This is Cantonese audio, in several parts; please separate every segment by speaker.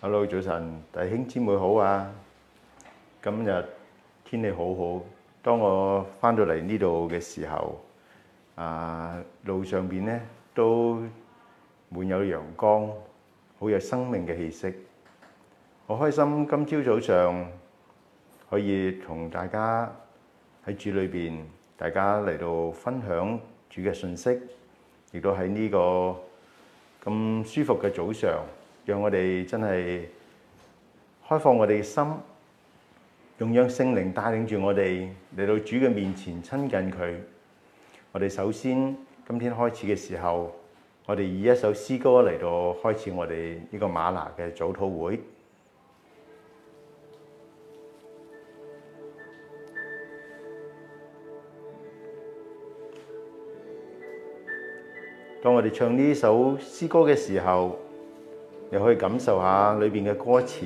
Speaker 1: Hello，早晨，弟兄姊妹好啊！今日天氣好好。當我返到嚟呢度嘅時候，啊，路上邊咧都滿有陽光，好有生命嘅氣息。好開心，今朝早上可以同大家喺主裏邊，大家嚟到分享主嘅信息，亦都喺呢個咁舒服嘅早上。讓我哋真係開放我哋嘅心，用讓聖靈帶領住我哋嚟到主嘅面前親近佢。我哋首先今天開始嘅時候，我哋以一首詩歌嚟到開始我哋呢個嗎哪嘅早禱會。當我哋唱呢首詩歌嘅時候，你可以感受下裏邊嘅歌詞。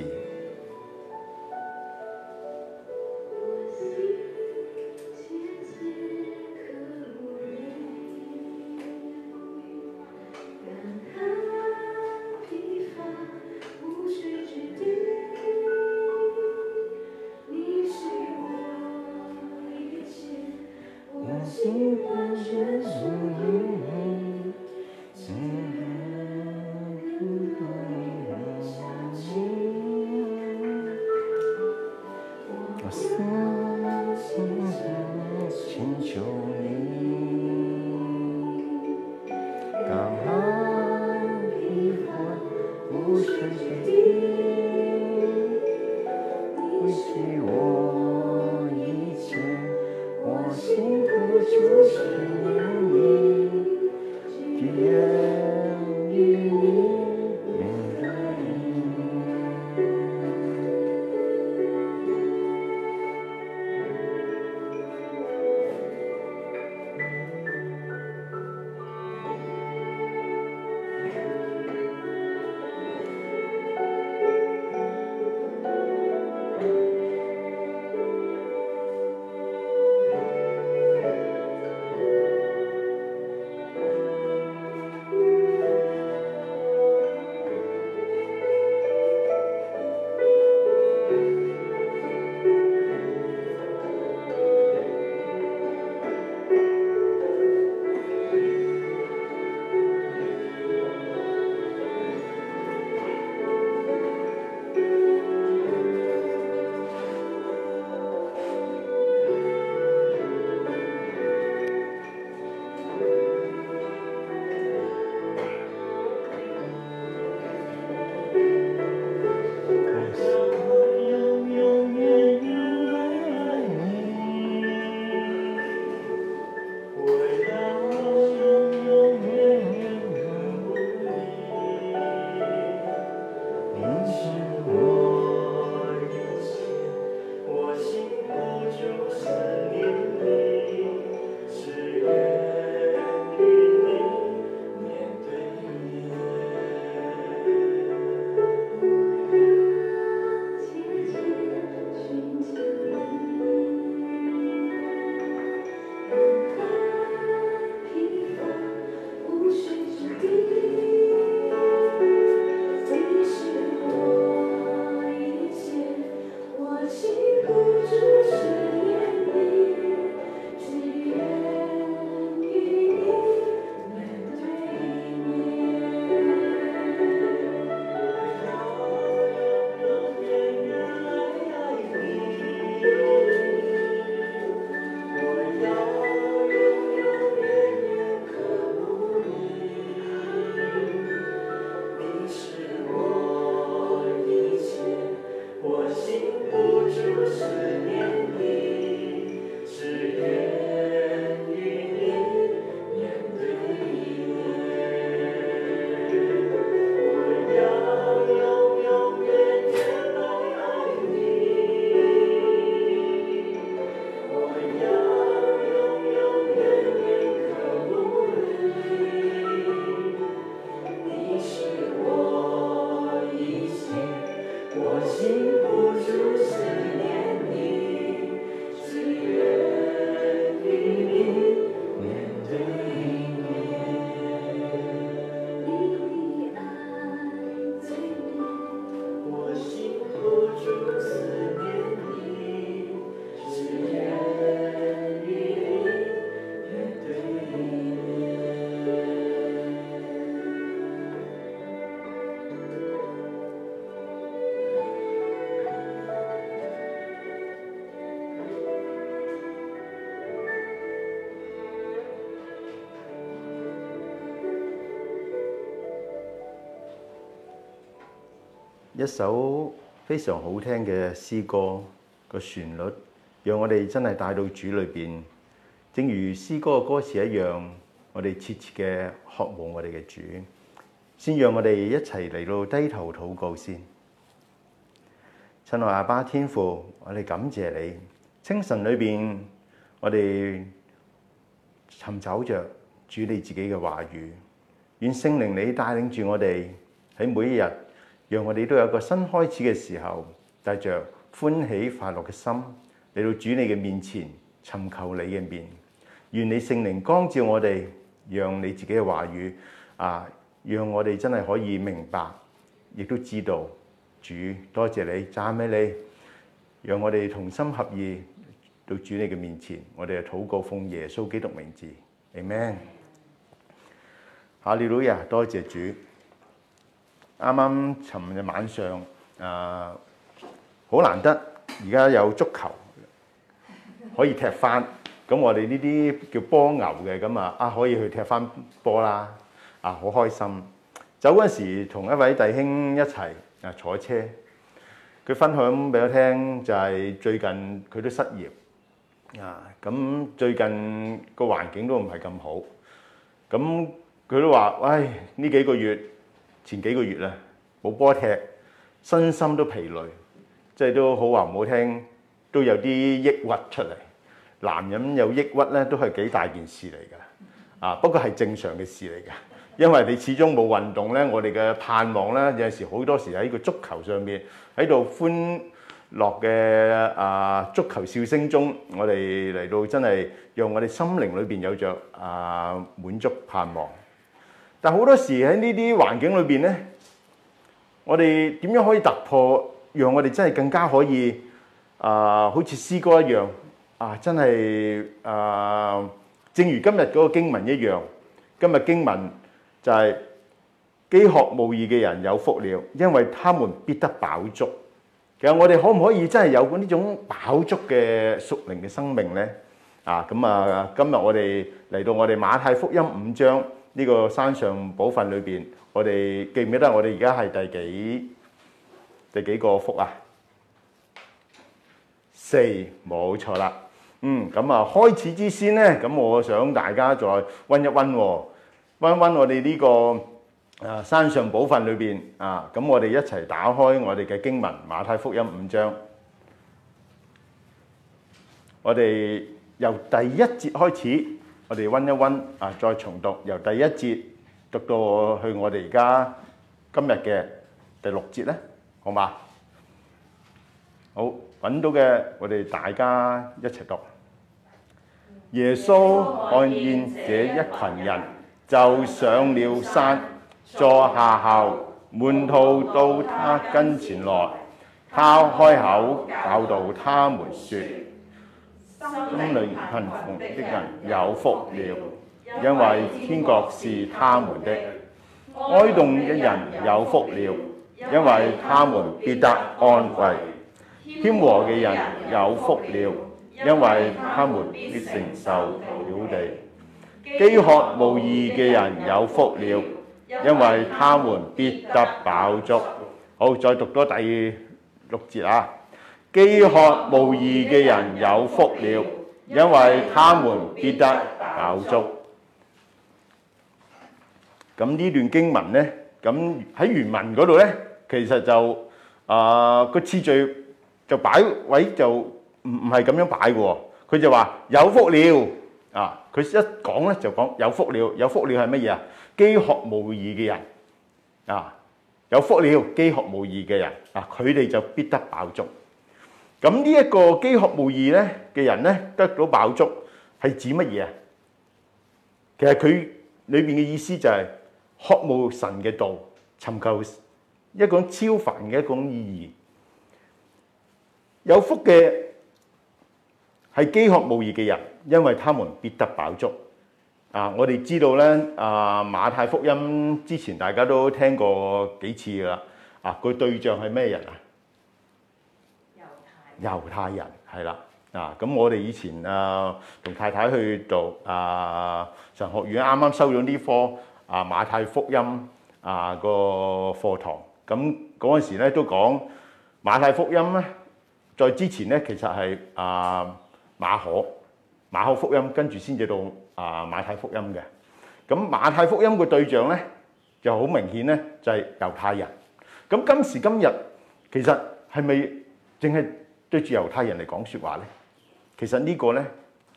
Speaker 1: 一首非常好聽嘅詩歌，個旋律讓我哋真係帶到主裏邊。正如詩歌嘅歌詞一樣，我哋切切嘅渴望我哋嘅主。先讓我哋一齊嚟到低頭禱告先。親愛的阿爸天父，我哋感謝你。清晨裏邊，我哋尋找着主你自己嘅話語。願聖靈你帶領住我哋喺每一日。讓我哋都有一個新開始嘅時候，帶着歡喜快樂嘅心嚟到主你嘅面前尋求你嘅面。願你聖靈光照我哋，讓你自己嘅話語啊，讓我哋真係可以明白，亦都知道主多謝你讚美你，讓我哋同心合意到主你嘅面前。我哋就禱告奉耶穌基督名字，Amen。哈利路亞，多謝主。啱啱尋日晚上，啊，好難得，而家有足球可以踢翻，咁我哋呢啲叫波牛嘅，咁啊啊可以去踢翻波啦，啊好開心！走嗰陣時同一位弟兄一齊啊坐車，佢分享俾我聽，就係最近佢都失業啊，咁最近個環境都唔係咁好，咁佢都話：唉，呢幾個月。前幾個月咧冇波踢，身心都疲累，即係都好話唔好聽，都有啲抑鬱出嚟。男人有抑鬱咧，都係幾大件事嚟㗎。啊，不過係正常嘅事嚟㗎，因為你始終冇運動咧，我哋嘅盼望咧，有時好多時喺個足球上面，喺度歡樂嘅啊足球笑聲中，我哋嚟到真係讓我哋心靈裏邊有着啊滿足盼望。但好多時喺呢啲環境裏邊呢，我哋點樣可以突破，讓我哋真係更加可以啊、呃，好似詩歌一樣啊，真係啊、呃，正如今日嗰個經文一樣。今日經文就係、是、飢渴慕義嘅人有福了，因為他們必得飽足。其實我哋可唔可以真係有呢種飽足嘅屬靈嘅生命呢？啊，咁啊，今日我哋嚟到我哋馬太福音五章。呢個山上寶訓裏邊，我哋記唔記得我哋而家係第幾第幾個福啊？四，冇錯啦。嗯，咁啊，開始之先呢，咁我想大家再温一温，温一温我哋呢個啊山上寶訓裏邊啊，咁我哋一齊打開我哋嘅經文《馬太福音》五章，我哋由第一節開始。我哋温一温啊，再重讀，由第一節讀到去我哋而家今日嘅第六節咧，好嘛？好，揾到嘅，我哋大家一齊讀。耶穌看見這一群人，就上了山，坐下後，門徒到他跟前來，他開口教導他們說。心裏貧窮的人有福了，
Speaker 2: 因為天
Speaker 1: 國是他們的；
Speaker 2: 哀慟的人
Speaker 1: 有福了，因為他們必得安慰；謙和嘅人有福了，因為他們必承受地土；飢渴慕義嘅人有福了，因為他們必得飽足。好，再讀多第六節啊。飢渴慕義嘅人有福了，因為他們必得飽足。咁呢段經文咧，咁喺原文嗰度咧，其實就啊個次序就擺位就唔唔係咁樣擺嘅。佢就話有福了啊！佢一講咧就講有福了，有福了係乜嘢啊？飢渴慕義嘅人啊，有福了，飢渴慕義嘅人啊，佢哋就必得飽足。咁呢一個飢渴慕義咧嘅人咧，得到飽足係指乜嘢啊？其實佢裏邊嘅意思就係渴慕神嘅道，尋求一種超凡嘅一種意義。有福嘅係飢渴慕義嘅人，因為他們必得飽足。啊，我哋知道咧，啊馬太福音之前大家都聽過幾次㗎喇。啊，個對象係咩人啊？猶太人係啦，啊咁我哋以前啊同太太去讀啊神學院，啱啱收咗呢科啊馬太福音啊個課堂，咁嗰陣時咧都講馬太福音咧，在之前咧其實係啊馬可、馬可福音，跟住先至到啊馬太福音嘅。咁馬太福音嘅對象咧就好明顯咧，就係猶太人。咁今時今日其實係咪淨係？對住猶太人嚟講説話咧，其實呢個咧，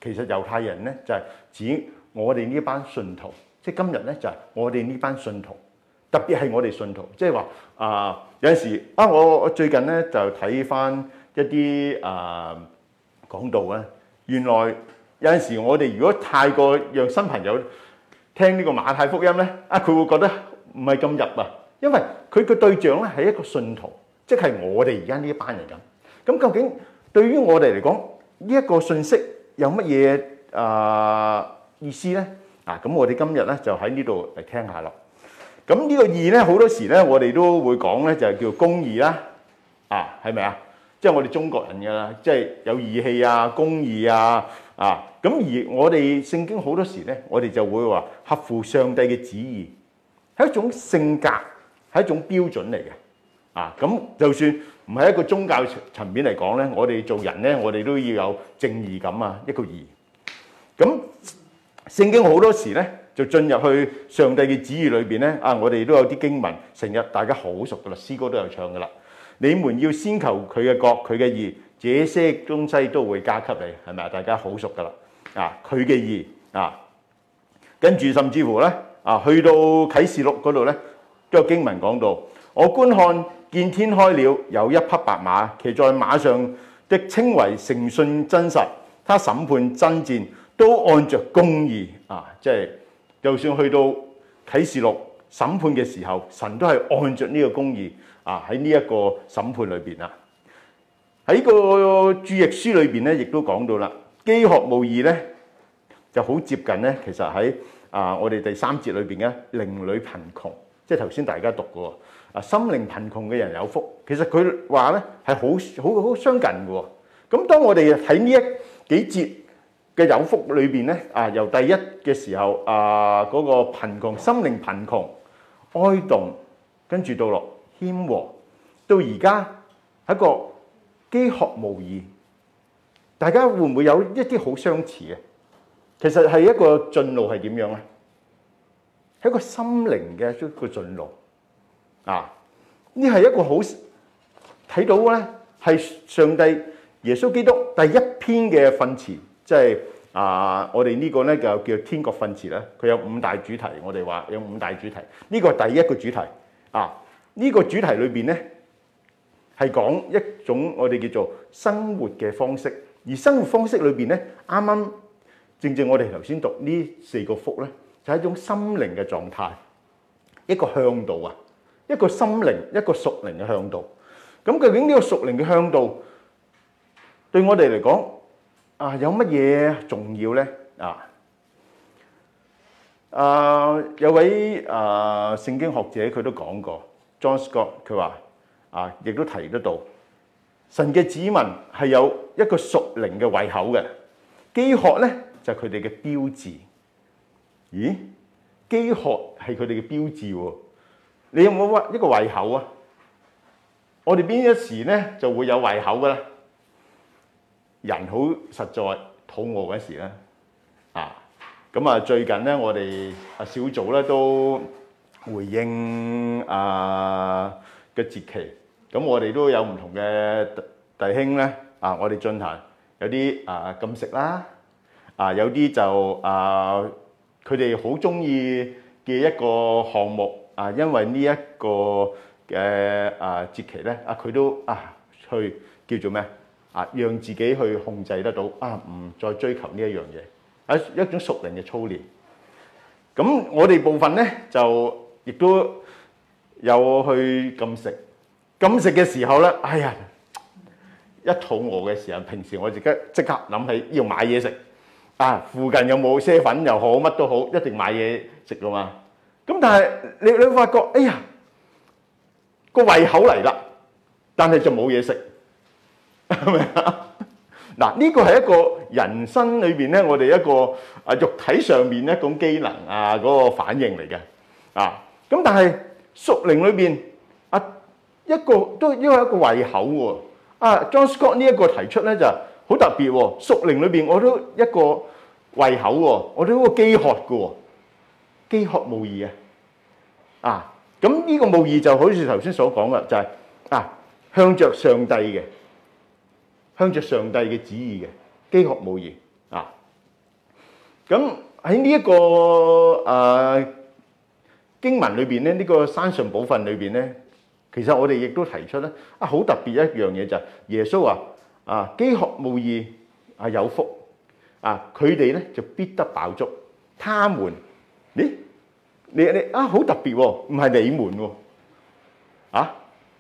Speaker 1: 其實猶太人咧就係指我哋呢班信徒，即係今日咧就係我哋呢班信徒，特別係我哋信徒，即係話啊有陣時啊，我我最近咧就睇翻一啲啊講道啊，原來有陣時我哋如果太過讓新朋友聽呢個馬太福音咧，啊佢會覺得唔係咁入啊，因為佢嘅對象咧係一個信徒，即係我哋而家呢一班人咁。咁究竟對於我哋嚟講，呢一個信息有乜嘢啊意思咧？啊，咁我哋今日咧就喺呢度嚟聽下咯。咁呢個義咧，好多時咧，我哋都會講咧，就係叫公義啦，啊，係咪啊？即係我哋中國人嘅啦，即係有義氣啊、公義啊，啊。咁而我哋聖經好多時咧，我哋就會話，合乎上帝嘅旨意係一種性格，係一種標準嚟嘅。啊，咁就算。唔係一個宗教層面嚟講咧，我哋做人咧，我哋都要有正義感啊！一個義。咁聖經好多時咧，就進入去上帝嘅旨意裏邊咧。啊，我哋都有啲經文，成日大家好熟噶啦，詩歌都有唱噶啦。你們要先求佢嘅國，佢嘅義，這些東西都會加給你，係咪啊？大家好熟噶啦。啊，佢嘅義啊，跟住甚至乎咧啊，去到啟示錄嗰度咧，都有經文講到，我觀看。見天開了，有一匹白馬，騎在馬上的稱為誠信真實。他審判爭戰，都按着公義啊！即、就、係、是，就算去到啟示錄審判嘅時候，神都係按着呢個公義啊！喺呢一個審判裏邊啊，喺個註釋書裏邊咧，亦都講到啦，飢渴慕義」咧，就好接近咧。其實喺啊，我哋第三節裏邊嘅另女貧窮，即係頭先大家讀過。啊，心靈貧窮嘅人有福，其實佢話咧係好好好相近嘅喎。咁當我哋睇呢一幾節嘅有福裏邊咧，啊由第一嘅時候，啊嗰個貧窮、心靈貧窮、哀動，跟住到落謙和，到而家係一個飢渴慕義，大家會唔會有一啲好相似嘅？其實係一個進路係點樣咧？係一個心靈嘅一個進路。啊！呢係一個好睇到咧，係上帝耶穌基督第一篇嘅訓詞，即係啊、呃，我哋呢個咧就叫天國訓詞啦。佢有五大主題，我哋話有五大主題。呢、這個係第一個主題啊！呢、這個主題裏邊咧係講一種我哋叫做生活嘅方式，而生活方式裏邊咧，啱啱正正我哋頭先讀呢四個福咧，就係、是、一種心靈嘅狀態，一個向導啊！一個心靈、一個屬靈嘅向度。咁究竟呢個屬靈嘅向度對我哋嚟講啊，有乜嘢重要咧？啊啊，有位啊聖經學者佢都講過，John Scott 佢話啊，亦都提得到神嘅子民係有一個屬靈嘅胃口嘅，飢渴咧就係佢哋嘅標誌。咦？飢渴係佢哋嘅標誌喎。你有冇屈一個胃口啊？我哋邊一時咧就會有胃口㗎喇。人好實在，肚餓嗰時咧啊。咁啊，最近咧，我哋啊小組咧都回應啊嘅節期。咁我哋都有唔同嘅弟兄咧啊。我哋進行有啲啊禁食啦，啊有啲就啊佢哋好中意嘅一個項目。啊，因為呢一個嘅啊節期咧，啊佢都啊去叫做咩啊，讓自己去控制得到啊，唔再追求呢一樣嘢，係一種熟練嘅操練。咁我哋部分咧就亦都有去禁食，禁食嘅時候咧，哎呀，一肚餓嘅時候，平時我自己即刻諗起要買嘢食啊，附近有冇些粉又好，乜都好，一定買嘢食噶嘛。咁但係你你會發覺，哎呀，個胃口嚟啦，但係就冇嘢食，係咪啊？嗱，呢個係一個人生裏邊咧，我哋一個啊肉體上面一種機能啊嗰個反應嚟嘅啊。咁但係屬靈裏邊啊一個都因為一個胃口喎，啊，John Scott 呢一個提出咧就係好特別喎，屬靈裏邊我都一個胃口喎，我都好飢渴嘅喎。飢渴慕義啊！啊，咁、這、呢個慕義就好似頭先所講嘅，就係、是、啊，向着上帝嘅，向着上帝嘅旨意嘅飢渴慕義啊。咁喺呢一個誒、啊、經文裏邊咧，呢、這個山上寶訓裏邊咧，其實我哋亦都提出咧、就是、啊，好特別一樣嘢就係耶穌啊啊飢渴慕義啊有福啊，佢哋咧就必得飽足，他們。咦、哎，你你啊，好特別喎、啊，唔係你們喎、啊，啊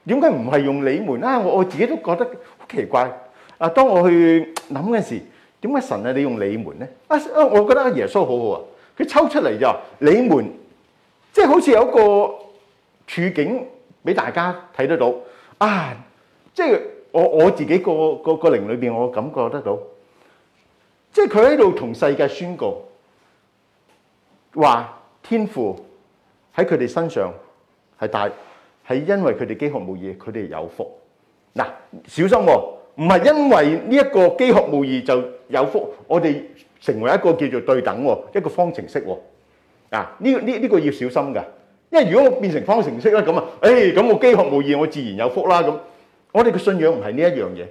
Speaker 1: 點解唔係用你們啊？我我自己都覺得好奇怪。啊，當我去諗嘅時，點解神啊你用你們咧？啊啊，我覺得阿耶穌好好啊，佢抽出嚟就你們，即係好似有一個處境俾大家睇得到啊，即係我我自己個個個靈裏邊，我感覺得到，即係佢喺度同世界宣告。話天父喺佢哋身上係大係，因為佢哋飢渴慕義，佢哋有福嗱。小心喎，唔係因為呢一個飢渴慕義就有福。我哋成為一個叫做對等喎，一個方程式喎。啊，呢個呢呢個要小心㗎，因為如果我變成方程式咧咁啊，誒咁我飢渴慕義，我自然有福啦。咁我哋嘅信仰唔係呢一樣嘢，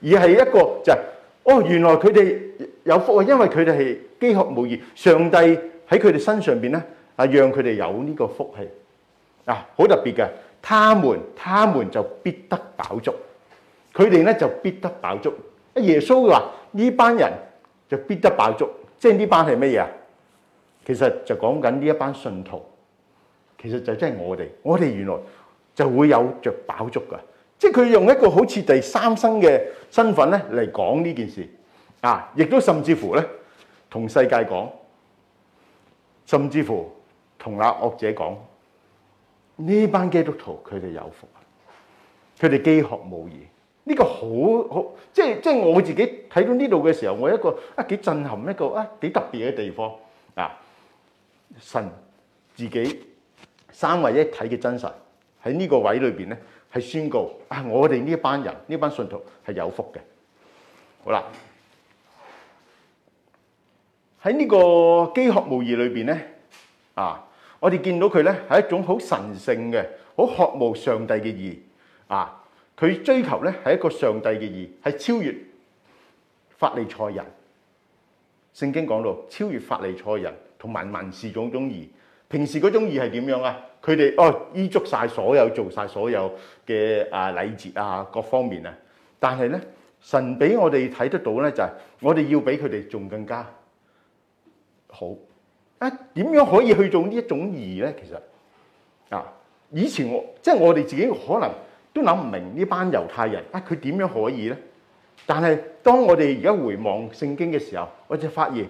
Speaker 1: 而係一個就係哦，原來佢哋有福啊，因為佢哋係飢渴慕義，上帝。喺佢哋身上邊咧，啊，讓佢哋有呢個福氣，啊，好特別嘅。他們，他們就必得飽足，佢哋咧就必得飽足。阿耶穌話：呢班人就必得飽足，即係呢班係乜嘢啊？其實就講緊呢一班信徒，其實就真係我哋，我哋原來就會有着飽足噶。即係佢用一個好似第三身嘅身份咧嚟講呢件事，啊，亦都甚至乎咧同世界講。甚至乎同那惡者講，呢班基督徒佢哋有福啊！佢哋饑渴慕義，呢、這個好好，即係即係我自己睇到呢度嘅時候，我一個啊幾震撼，一個啊幾特別嘅地方啊！神自己三位一體嘅真實喺呢個位裏邊咧，係宣告啊！我哋呢班人呢班信徒係有福嘅，好啦。喺呢個飢渴慕義裏邊咧，啊，我哋見到佢咧係一種好神聖嘅、好渴慕上帝嘅義啊！佢追求咧係一個上帝嘅義，係超越法利賽人。聖經講到超越法利賽人同埋民事種種義。平時嗰種義係點樣啊？佢哋哦依足曬所有做曬所有嘅啊禮節啊各方面啊，但係咧神俾我哋睇得到咧，就係我哋要俾佢哋仲更加。好啊？點樣可以去做呢一種義咧？其實啊，以前我即係我哋自己可能都諗唔明呢班猶太人啊，佢點樣可以咧？但係當我哋而家回望聖經嘅時候，我就發現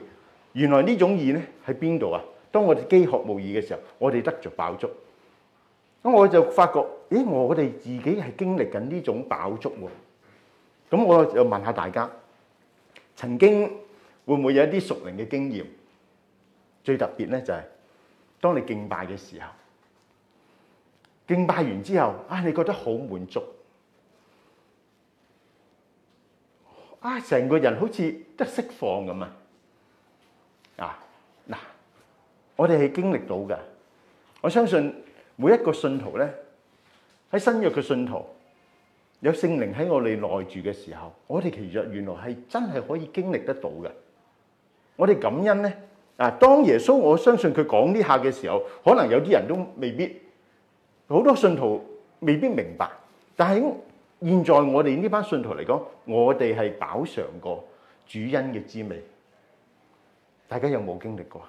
Speaker 1: 原來呢種義咧喺邊度啊？當我哋饑渴慕義嘅時候，我哋得着飽足。咁我就發覺，咦，我哋自己係經歷緊呢種飽足喎。咁我就問下大家，曾經會唔會有一啲屬靈嘅經驗？最特別咧，就係當你敬拜嘅時候，敬拜完之後啊，你覺得好滿足啊，成個人好似得釋放咁啊。嗱，我哋係經歷到㗎，我相信每一個信徒咧，喺新約嘅信徒有聖靈喺我哋內住嘅時候，我哋其實原來係真係可以經歷得到嘅。我哋感恩咧。啊！當耶穌我相信佢講呢下嘅時候，可能有啲人都未必，好多信徒未必明白。但係現在我哋呢班信徒嚟講，我哋係飽嘗過主恩嘅滋味。大家有冇經歷過？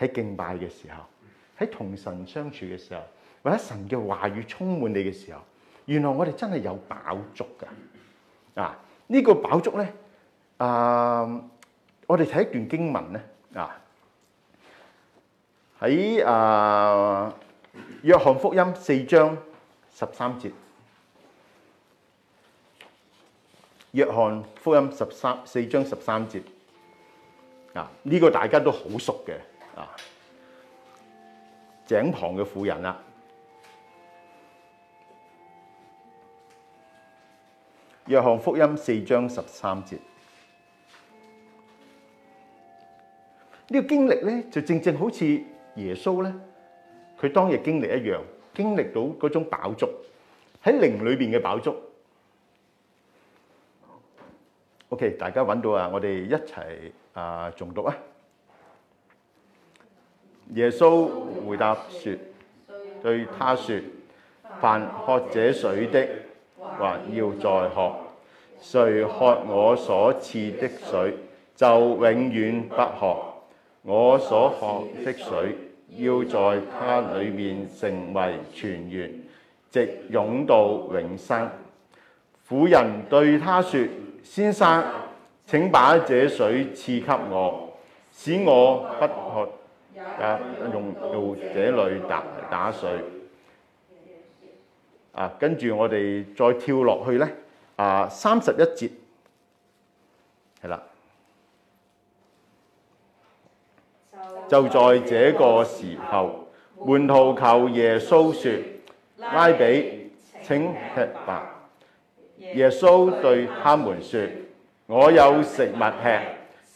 Speaker 1: 喺敬拜嘅時候，喺同神相處嘅時候，或者神嘅話語充滿你嘅時候，原來我哋真係有飽足㗎。啊！呢個飽足咧，啊！我哋睇一段經文咧。嗱，喺《啊約翰福音》四章十三節，《約翰福音》十三四章十三節，嗱呢個大家都好熟嘅。啊井旁嘅婦人啊。《約翰福音》四章十三節。呢個經歷咧，就正正好似耶穌咧，佢當日經歷一樣，經歷到嗰種飽足，喺靈裏邊嘅飽足。OK，大家揾到啊？我哋一齊啊，重讀啊。耶穌回答說：對他說，凡喝這水的，還要再喝；誰喝我所賜的水，就永遠不渴。.我所喝的水，要在它裏面成為泉源，直湧到永生。婦人對他說：先生，請把這水賜給我，使我不渴，啊、用到這裏打打水。啊、跟住我哋再跳落去呢。啊，三十一節，係啦。就在這個時候，門徒求耶穌說：拉比，請吃吧。耶穌對他們說：我有食物吃，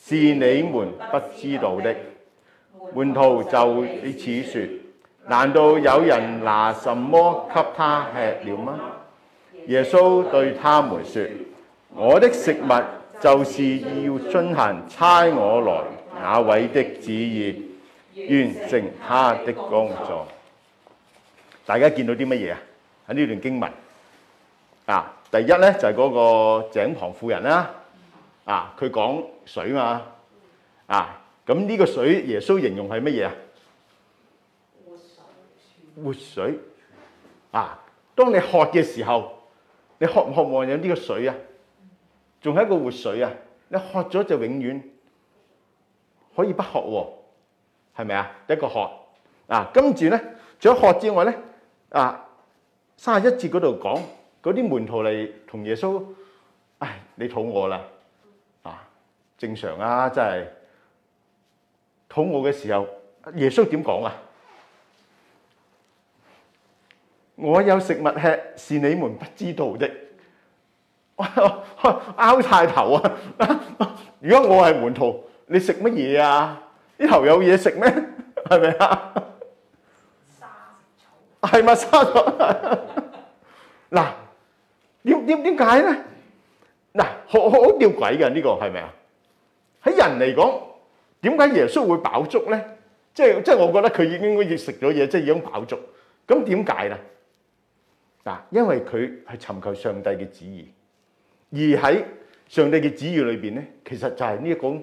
Speaker 1: 是你們不知道的。門徒就彼此說：難道有人拿什麼給他吃了嗎？耶穌對他們說：我的食物就是要遵行差我來。那位的旨意，完成他的工作。大家見到啲乜嘢啊？喺呢段經文啊，第一咧就係嗰個井旁婦人啦。啊，佢講水嘛。啊，咁呢個水耶穌形容係乜嘢啊？活水。活水。啊，當你渴嘅時候，你渴唔渴望有呢個水啊？仲係一個活水啊！你渴咗就永遠可以不渴喎，係咪啊？一個渴啊，跟住咧，除咗渴之外咧啊，三十一節嗰度講嗰啲門徒嚟同耶穌，唉，你肚餓啦，啊，正常啊，真係肚餓嘅時候，耶穌點講啊？我有食物吃，是你們不知道的。拗晒頭啊！如果我係門徒，你食乜嘢啊？呢頭有嘢食咩？係咪啊？係咪沙草？嗱，點點點解咧？嗱，好好吊詭㗎呢個，係咪啊？喺人嚟講，點解耶穌會飽足咧？即係即係，我覺得佢已經好似食咗嘢，即係已經飽足。咁點解咧？嗱，因為佢係尋求上帝嘅旨意，而喺上帝嘅旨意裏邊咧，其實就係呢一種。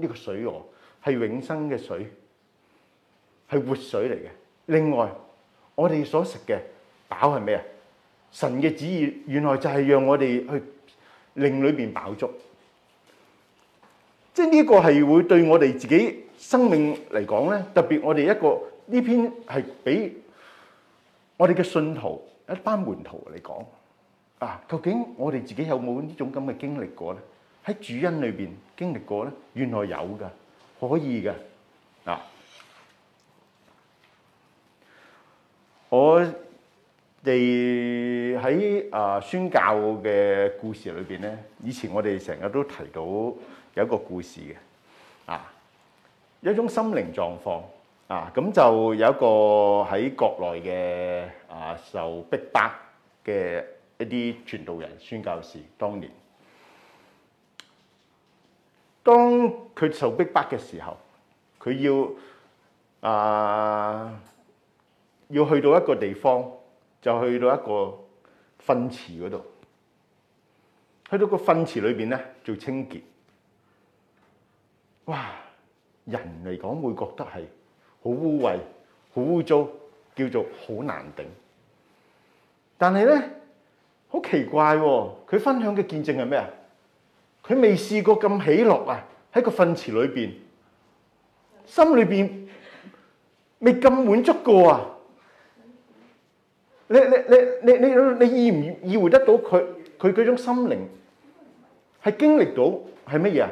Speaker 1: 呢個水呢係永生嘅水，係活水嚟嘅。另外，我哋所食嘅飽係咩啊？神嘅旨意原來就係讓我哋去令裏邊飽足，即係呢個係會對我哋自己生命嚟講咧。特別我哋一個呢篇係俾我哋嘅信徒一班門徒嚟講啊，究竟我哋自己有冇呢種咁嘅經歷過咧？喺主恩裏邊經歷過咧，原來有噶，可以噶啊！我哋喺啊宣教嘅故事裏邊咧，以前我哋成日都提到有一個故事嘅啊，有一種心靈狀況啊，咁就有一個喺國內嘅啊受逼迫嘅一啲傳道人宣教士當年。當佢受逼迫嘅時候，佢要啊要去到一個地方，就去到一個糞池嗰度，去到個糞池裏邊咧做清潔。哇！人嚟講會覺得係好污穢、好污糟，叫做好難頂。但係咧，好奇怪喎！佢分享嘅見證係咩啊？佢未試過咁喜樂啊！喺個糞池裏邊，心裏邊未咁滿足過啊！你你你你你你意唔意會得到佢佢嗰種心靈係經歷到係乜嘢啊？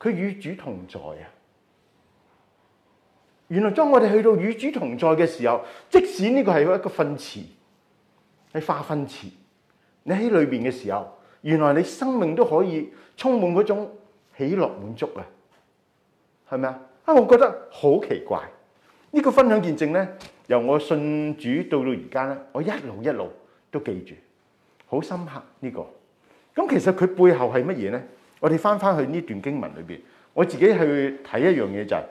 Speaker 1: 佢與主同在啊！原來當我哋去到與主同在嘅時候，即使呢個係一個糞池，係化糞池，你喺裏邊嘅時候。原來你生命都可以充滿嗰種喜樂滿足啊，係咪啊？啊，我覺得好奇怪，呢個分享見證咧，由我信主到到而家咧，我一路一路都記住，好深刻呢個。咁其實佢背後係乜嘢咧？我哋翻翻去呢段經文裏邊，我自己去睇一樣嘢就係，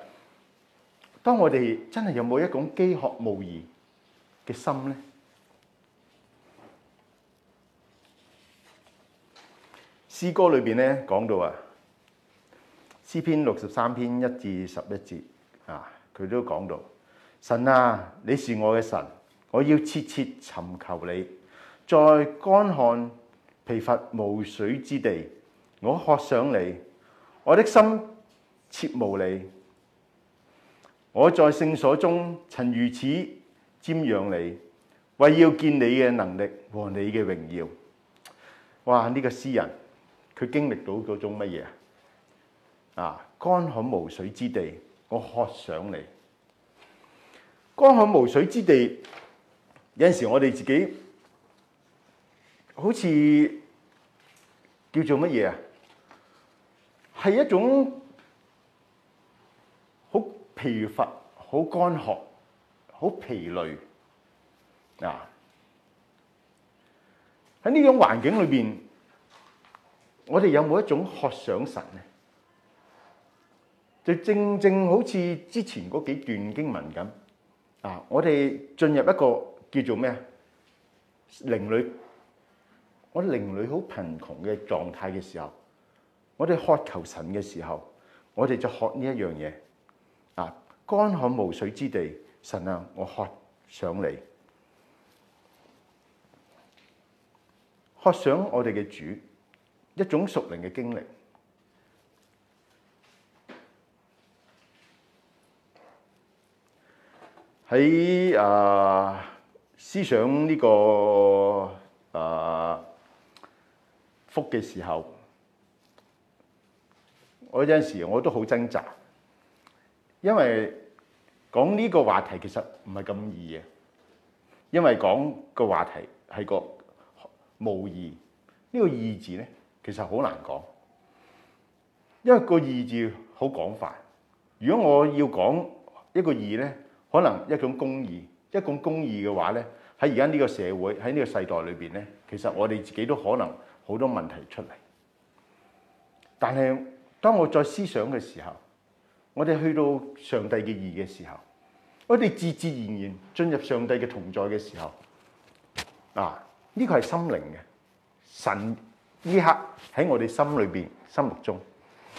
Speaker 1: 當我哋真係有冇一種飢渴慕義嘅心咧？詩歌裏邊咧講到啊，詩篇六十三篇一至十一節啊，佢都講到神啊，你是我嘅神，我要切切尋求你，在乾旱疲乏無水之地，我渴想你，我的心切慕你，我在聖所中曾如此瞻仰你，為要見你嘅能力和你嘅榮耀。哇！呢個詩人。佢經歷到嗰種乜嘢啊？乾旱無水之地，我渴想你。乾旱無水之地，有陣時我哋自己好似叫做乜嘢啊？係一種好疲乏、好乾渴、好疲累啊！喺呢種環境裏邊。我哋有冇一種渴想神呢？就正正好似之前嗰幾段經文咁啊！我哋進入一個叫做咩啊，靈裡，我靈裡好貧窮嘅狀態嘅時候，我哋渴求神嘅時候，我哋就渴呢一樣嘢啊！乾旱無水之地，神啊，我渴想你，渴想我哋嘅主。一種屬靈嘅經歷，喺啊思想呢個啊福嘅時候，我有陣時我都好掙扎，因為講呢個話題其實唔係咁易嘅，因為講個話題係個慕義，呢個、義字呢個義字咧。其實好難講，因為個義字好廣泛。如果我要講一個義咧，可能一種公義，一種公義嘅話咧，喺而家呢個社會喺呢個世代裏邊咧，其實我哋自己都可能好多問題出嚟。但係當我再思想嘅時候，我哋去到上帝嘅義嘅時候，我哋自自然然進入上帝嘅同在嘅時候，啊，呢個係心靈嘅神。呢刻喺我哋心裏邊、心目中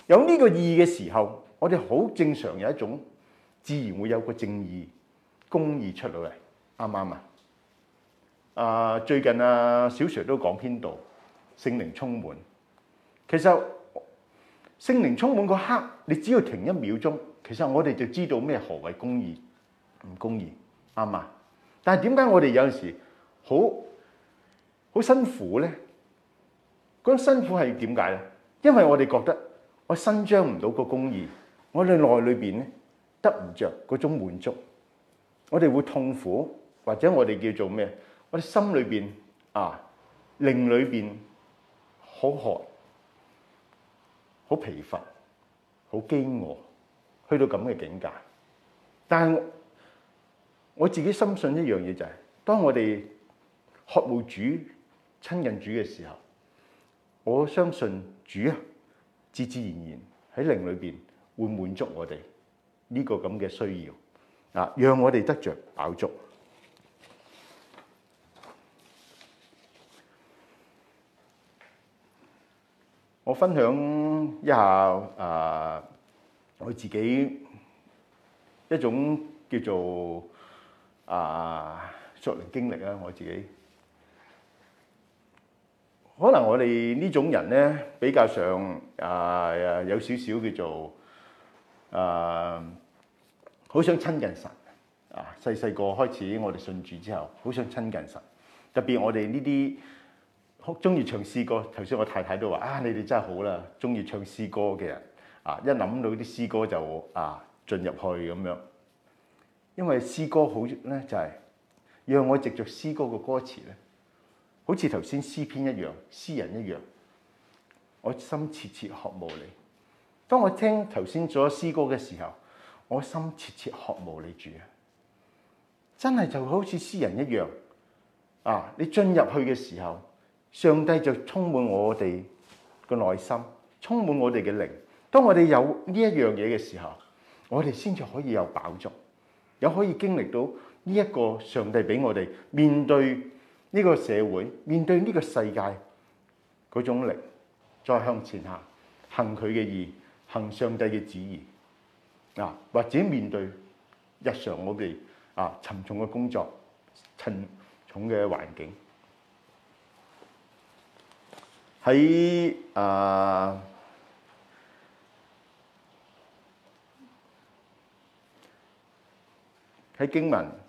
Speaker 1: 有呢個意義嘅時候，我哋好正常有一種自然會有個正義、公義出到嚟，啱唔啱啊？啊、呃，最近啊，小 Sir 都講篇道，聖靈充滿，其實聖靈充滿嗰刻，你只要停一秒鐘，其實我哋就知道咩何謂公義唔公義，啱唔啱？但係點解我哋有陣時好好辛苦咧？嗰種辛苦係點解咧？因為我哋覺得我伸張唔到個公義，我哋內裏邊咧得唔著嗰種滿足，我哋會痛苦，或者我哋叫做咩？我哋心裏邊啊，靈裏邊好渴，好疲乏，好飢餓，去到咁嘅境界。但係我自己深信一樣嘢就係，當我哋渴慕主、親近主嘅時候。我相信主啊，自自然然喺靈裏邊會滿足我哋呢個咁嘅需要啊，讓我哋得著飽足。我分享一下啊，我自己一種叫做啊作靈經歷啦，我自己。可能我哋呢種人咧，比較上啊、呃、有少少叫做啊，好、呃、想親近神啊！細細個開始，我哋信主之後，好想親近神。特別我哋呢啲好中意唱詩歌，頭先我太太都話啊，你哋真係好啦，中意唱詩歌嘅人啊，一諗到啲詩歌就啊進入去咁樣。因為詩歌好咧，就係、是、讓我藉著詩歌嘅歌詞咧。好似頭先詩篇一樣，詩人一樣，我心切切渴慕你。當我聽頭先咗詩歌嘅時候，我心切切渴慕你主啊！真係就好似詩人一樣啊！你進入去嘅時候，上帝就充滿我哋個內心，充滿我哋嘅靈。當我哋有呢一樣嘢嘅時候，我哋先至可以有飽足，又可以經歷到呢一個上帝俾我哋面對。呢個社會面對呢個世界嗰種力，再向前行，行佢嘅意，行上帝嘅旨意啊！或者面對日常我哋啊沉重嘅工作、沉重嘅環境，喺啊喺經文。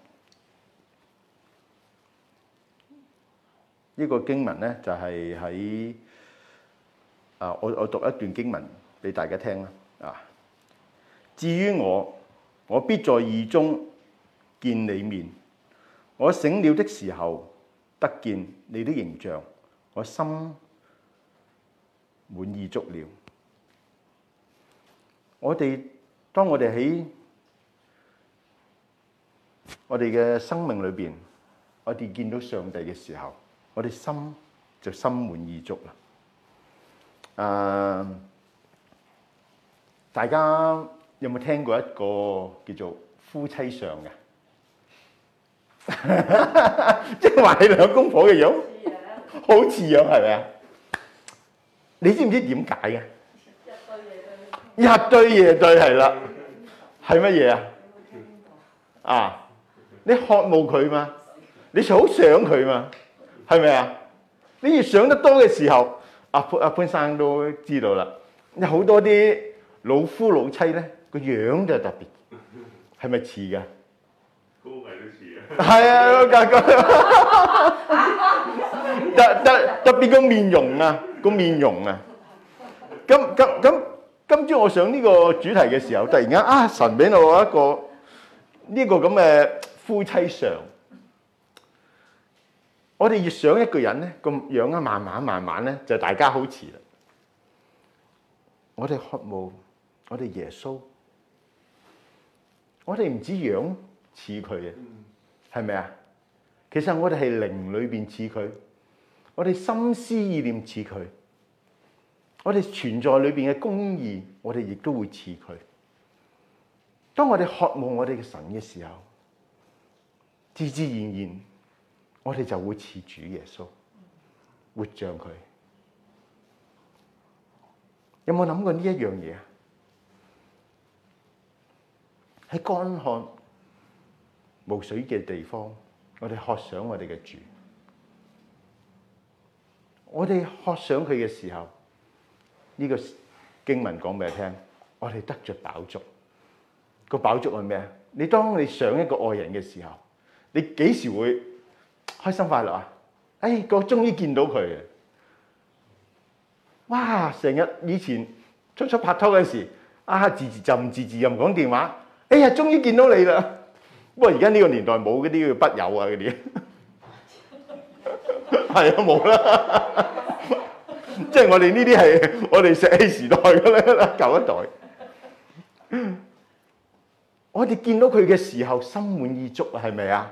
Speaker 1: 呢個經文呢就係喺啊，我我讀一段經文俾大家聽啦。啊，至於我，我必在義中見你面。我醒了的時候，得見你的形象，我心滿意足了。我哋當我哋喺我哋嘅生命裏面，我哋見到上帝嘅時候，我哋心就心滿意足啦。誒，大家有冇聽過一個叫做夫妻相嘅？即係話你兩公婆嘅樣，好似樣，係咪啊？你知唔知點解嘅？日對夜對，日對夜對，係啦。係乜嘢啊？啊！你渴慕佢嘛？你好想佢嘛？係咪啊？你越想得多嘅時候，阿阿潘生都知道啦。有好多啲老夫老妻咧，個樣就特
Speaker 2: 別，
Speaker 1: 係咪似㗎？估計
Speaker 2: 都似啊！係啊， 個格局特特特
Speaker 1: 別個面容啊，個面容啊。咁咁咁，今朝我上呢個主題嘅時候，突然間啊，神俾我一個呢、這個咁嘅夫妻相。我哋越想一個人咧，個樣咧，慢慢慢慢咧，就大家好似啦。我哋渴慕我哋耶穌，我哋唔止樣似佢嘅，係咪啊？其實我哋係靈裏邊似佢，我哋心思意念似佢，我哋存在裏邊嘅公義，我哋亦都會似佢。當我哋渴慕我哋嘅神嘅時候，自自然然。我哋就會似主耶穌，活像佢。有冇諗過呢一樣嘢啊？喺乾旱無水嘅地方，我哋渴想我哋嘅主。我哋渴想佢嘅時候，呢個經文講俾你聽，我哋得著飽足。個飽足係咩啊？你當你想一個愛人嘅時候，你幾時會？開心快樂啊！哎，我終於見到佢啊！哇，成日以前初初拍拖嗰時，啊自自浸自自任講電話，哎呀，終於見到你啦！不過而家呢個年代冇嗰啲叫筆友啊，嗰啲係啊冇啦，即係 我哋呢啲係我哋石器時代嘅啦，舊一代。我哋見到佢嘅時候心滿意足啊，係咪啊？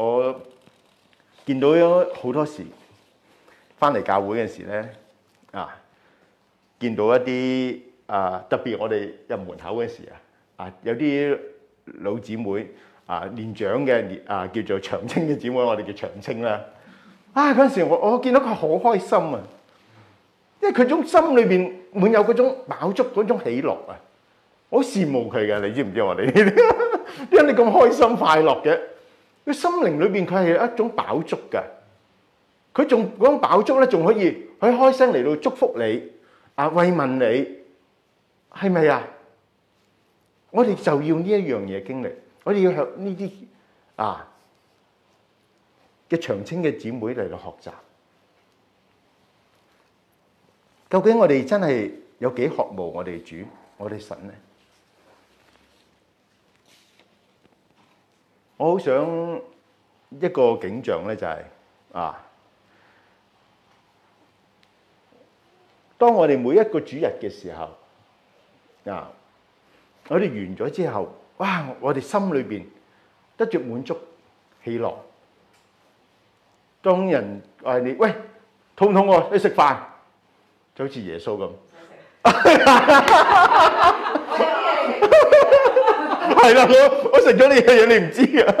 Speaker 1: 我見到咗好多時翻嚟教會嘅時咧啊，見到一啲啊、呃、特別我哋入門口嘅時啊有啊有啲老姊妹啊年長嘅啊叫做長青嘅姊妹，我哋叫長青啦啊，嗰陣時我我見到佢好開心啊，因為佢種心裏邊滿有嗰種飽足嗰種喜樂啊，我羨慕佢嘅，你知唔知我哋點解你咁開心快樂嘅？佢心靈裏邊佢係有一種飽足嘅，佢仲嗰種飽足咧，仲可以佢開聲嚟到祝福你啊，慰問你，係咪啊？我哋就要呢一樣嘢經歷，我哋要向呢啲啊嘅長青嘅姊妹嚟到學習。究竟我哋真係有幾渴慕我哋主我哋神呢？我好想一個景象咧，就係啊，當我哋每一個主日嘅時候，啊，我哋完咗之後，哇！我哋心裏邊得著滿足、喜樂。當人嗌你，喂，痛唔痛喎？你去食飯就好似耶穌咁。係啦，我我食咗呢樣嘢，你唔知噶。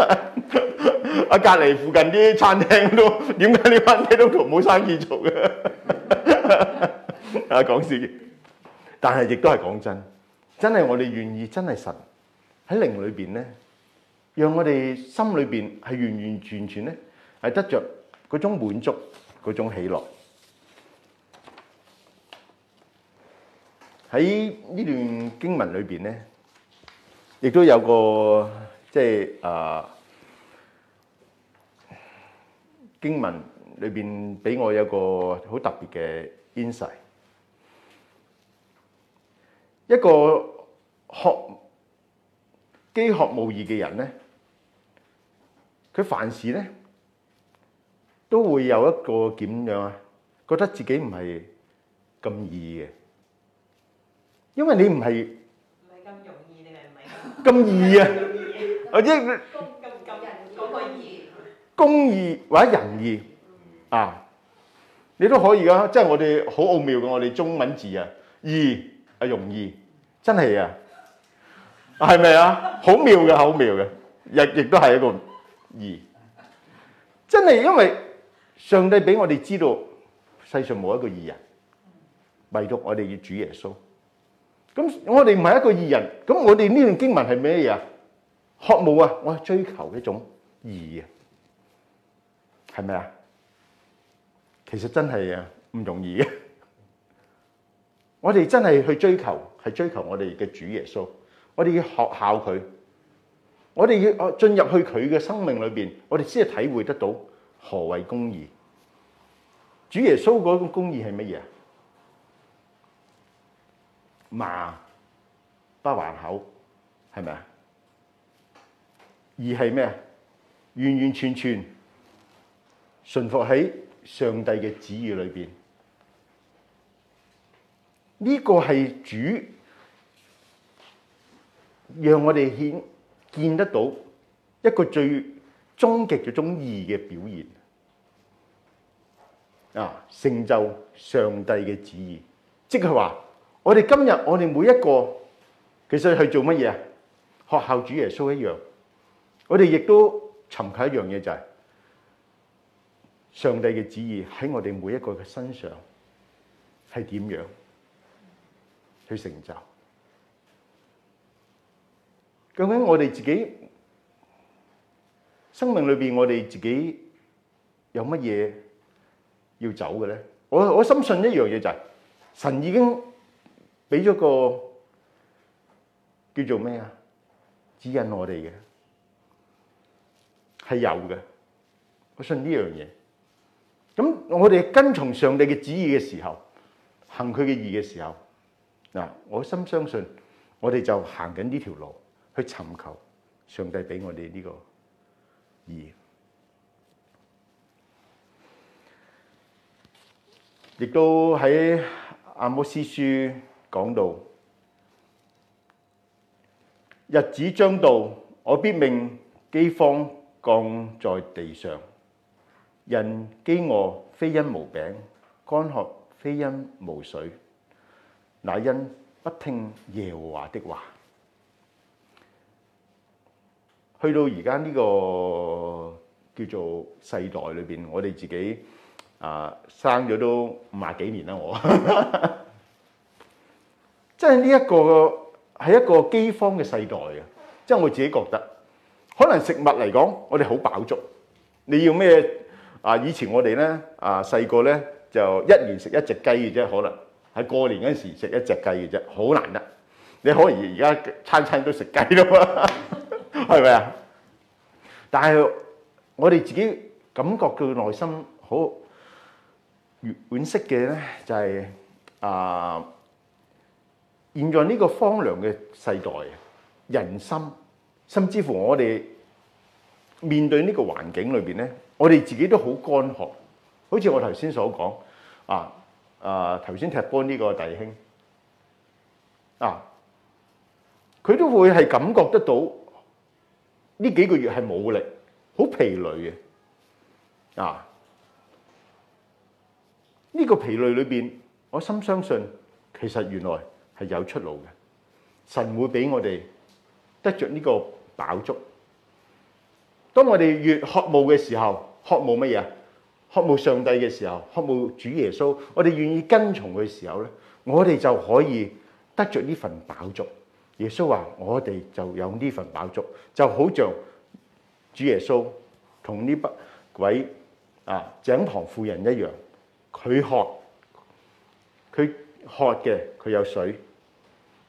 Speaker 1: 阿隔籬附近啲餐廳都點解呢班基督徒冇生意做嘅？啊，講笑。但係亦都係講真，真係我哋願意，真係神喺靈裏邊咧，讓我哋心裏邊係完完全全咧係得着嗰種滿足，嗰種喜樂。喺呢段經文裏邊咧。亦都有個即係啊經文裏邊俾我有個好特別嘅 insight，一個飢渴慕義嘅人咧，佢凡事咧都會有一個點樣啊？覺得自己唔係咁易嘅，因為你唔係。咁易啊！或者公義或者仁義啊，你都可以噶。即係我哋好奧妙嘅，我哋中文字啊，義啊，容易，真係啊，係咪啊？好妙嘅，好妙嘅，亦亦都係一個義。真係，因為上帝俾我哋知道，世上冇一個義人，唯獨我哋要主耶穌。咁我哋唔係一個義人，咁我哋呢段經文係咩嘢啊？渴望啊，我係追求一種義啊，係咪啊？其實真係啊唔容易嘅，我哋真係去追求，係追求我哋嘅主耶穌，我哋要學效佢，我哋要進入去佢嘅生命裏邊，我哋先係體會得到何謂公義。主耶穌嗰個公義係乜嘢？麻不還口，係咪啊？二係咩？完完全全順服喺上帝嘅旨意裡面。呢、這個係主讓我哋顯見得到一個最終極嘅中義嘅表現啊！成就上帝嘅旨意，即係話。我哋今日，我哋每一個，其實去做乜嘢啊？學效主耶穌一樣，我哋亦都尋求一樣嘢，就係上帝嘅旨意喺我哋每一個嘅身上係點樣去成就？究竟我哋自己生命裏邊，我哋自己有乜嘢要走嘅咧？我我深信一樣嘢就係神已經。俾咗個叫做咩啊？指引我哋嘅係有嘅，我信呢樣嘢。咁我哋跟從上帝嘅旨意嘅時候，行佢嘅意嘅時候，嗱，我深相信我哋就行緊呢條路去尋求上帝俾我哋呢個意義。亦都喺阿摩斯書。講到日子將到，我必命饑荒降在地上，人飢餓非因無餅，乾渴非因無水，乃因不聽耶和華的話。去到而家呢個叫做世代裏邊，我哋自己啊生咗都五廿幾年啦，我。即係呢一個係一個饑荒嘅世代嘅，即係我自己覺得，可能食物嚟講，我哋好飽足。你要咩啊？以前我哋咧啊細個咧就一年食一隻雞嘅啫，可能喺過年嗰時食一隻雞嘅啫，好難得。你可能而家餐餐都食雞咯，係咪啊？但係我哋自己感覺嘅內心好惋惜嘅咧，就係啊。現在呢個荒涼嘅世代，人心，甚至乎我哋面對呢個環境裏邊咧，我哋自己都好乾渴。好似我頭先所講啊，啊頭先踢波呢個弟兄啊，佢都會係感覺得到呢幾個月係冇力，好疲累嘅啊。呢個疲累裏邊，我深相信其實原來，係有出路嘅，神會俾我哋得着呢個飽足。當我哋越渴慕嘅時候，渴慕乜嘢啊？渴慕上帝嘅時候，渴慕主耶穌，我哋願意跟從佢嘅時候咧，我哋就可以得着呢份飽足。耶穌話：我哋就有呢份飽足，就好像主耶穌同呢不位啊井旁婦人一樣，佢渴，佢渴嘅佢有水。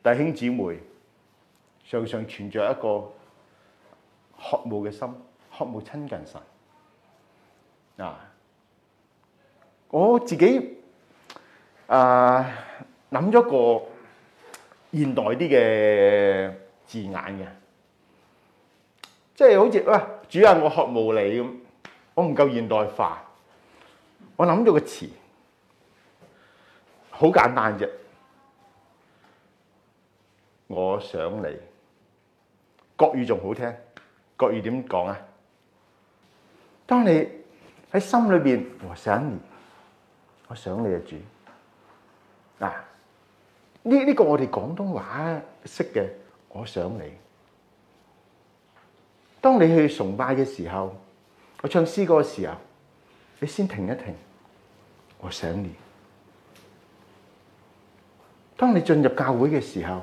Speaker 1: 弟兄姊妹，常常存着一個渴慕嘅心，渴慕親近神。啊，我自己啊諗咗個現代啲嘅字眼嘅，即係好似主啊，我渴慕你，我唔夠現代化，我諗到個詞，好簡單啫。我想你，國語仲好聽，國語點講啊？當你喺心裏邊，我想你，我想你啊主。嗱，呢呢個我哋廣東話識嘅，我想你。當你去崇拜嘅時候，我唱詩歌嘅時候，你先停一停，我想你。當你進入教會嘅時候，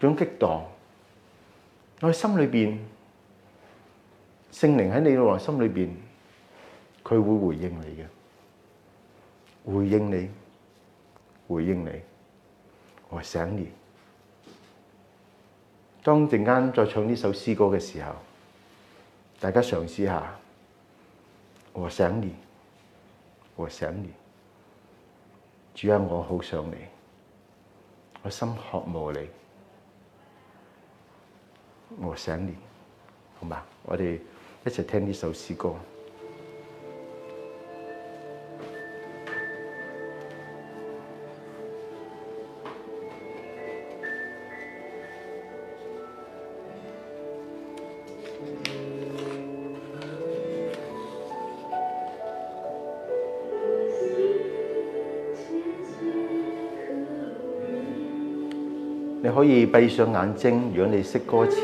Speaker 1: 種激動，我喺心裏邊，聖靈喺你嘅內心裏邊，佢會回應你嘅，回應你，回應你。我想你，當陣間再唱呢首詩歌嘅時候，大家嘗試下。我想你，我想你，主啊，我好想你，我心渴望你。我想你，好嘛？我哋一齊聽呢首詩歌。可以閉上眼睛，如果你識歌詞。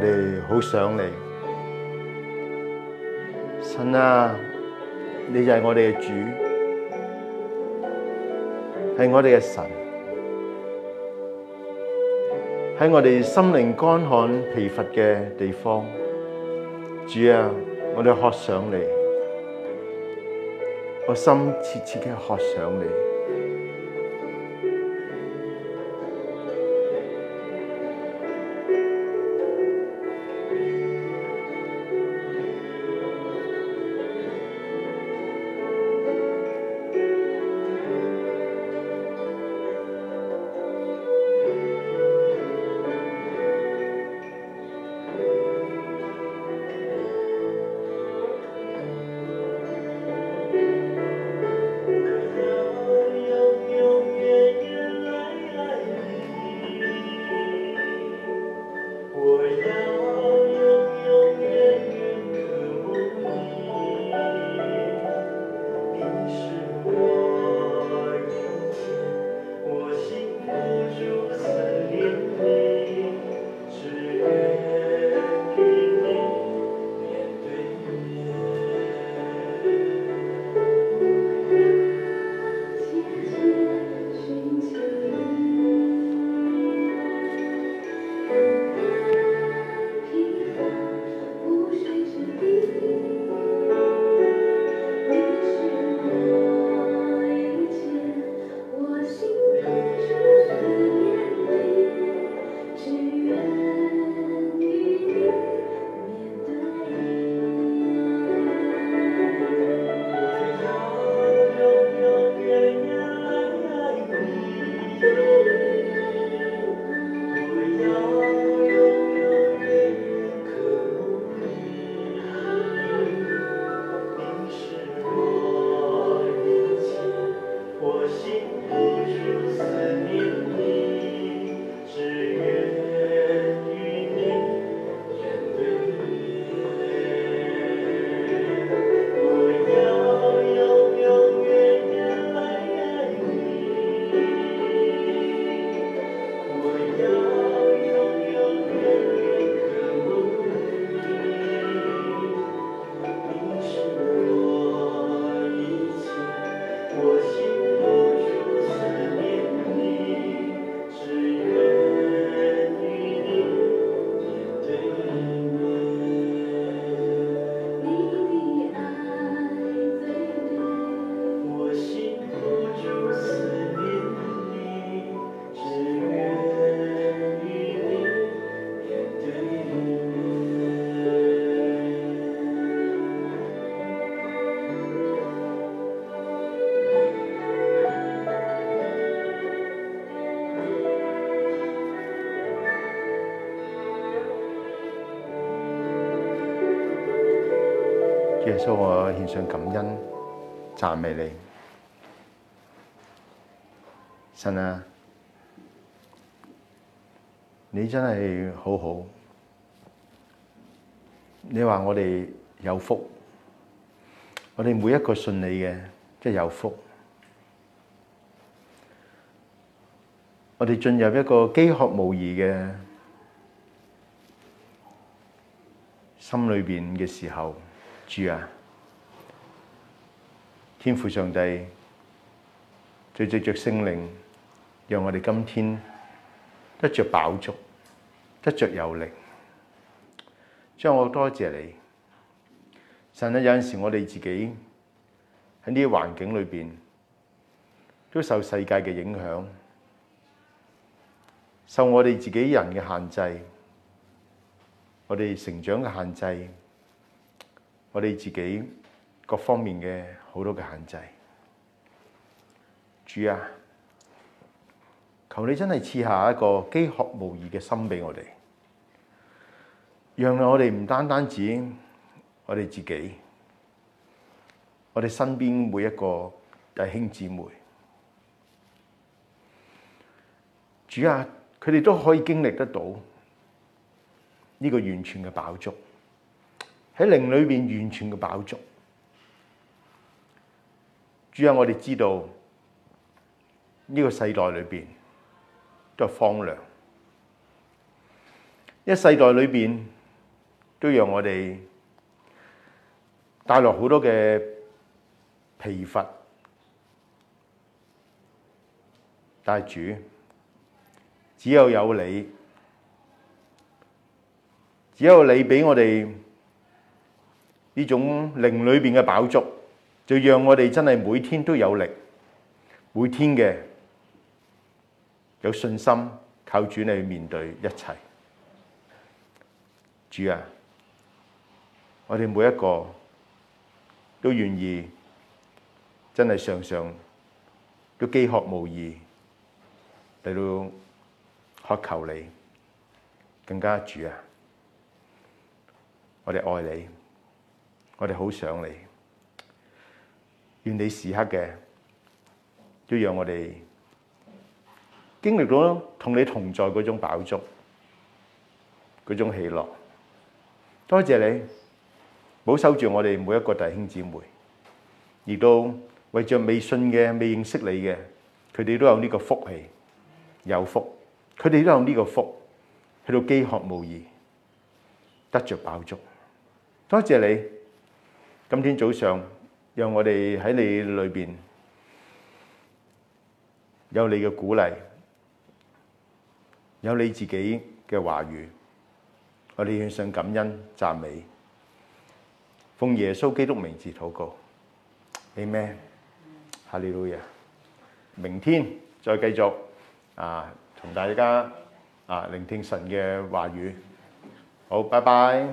Speaker 1: 我哋好想你，神啊，你就係我哋嘅主，係我哋嘅神，喺我哋心靈乾旱疲乏嘅地方，主啊，我哋渴想你，我心切切嘅渴想你。幫我獻上感恩，讚美你，神啊！你真係好好，你話我哋有福，我哋每一個信你嘅，即係有福。我哋進入一個飢渴慕義嘅心裏面嘅時候，主啊！天父上帝，最藉著聖靈，讓我哋今天得著飽足，得著有力。所以我多謝你，神啊！有陣時我哋自己喺呢啲環境裏邊，都受世界嘅影響，受我哋自己人嘅限制，我哋成長嘅限制，我哋自己各方面嘅。好多嘅限制，主啊，求你真係賜下一個飢渴慕義嘅心俾我哋，讓我哋唔單單止我哋自己，我哋身邊每一個弟兄姊妹，主啊，佢哋都可以經歷得到呢個完全嘅飽足，喺靈裏面完全嘅飽足。主啊，我哋知道呢、這個世代裏面，都係荒涼，一世代裏面，都讓我哋帶嚟好多嘅疲乏。但係主，只有有你，只有你俾我哋呢種靈裏面嘅飽足。就讓我哋真係每天都有力，每天嘅有信心靠主去面對一切。主啊，我哋每一個都願意真係常常都飢渴慕義嚟到渴求你，更加主啊，我哋愛你，我哋好想你。願你時刻嘅，都讓我哋經歷到同你同在嗰種飽足，嗰種喜樂。多謝你保守住我哋每一個弟兄姊妹，亦都為着未信嘅、未認識你嘅，佢哋都有呢個福氣，有福，佢哋都有呢個福，喺度飢渴慕義，得着飽足。多謝你，今天早上。讓我哋喺你裡面有你嘅鼓勵，有你自己嘅話語，我哋獻上感恩讚美，奉耶穌基督名字禱告，Amen。哈利路亞。明天再繼續啊，同大家啊聆聽神嘅話語。好，拜拜。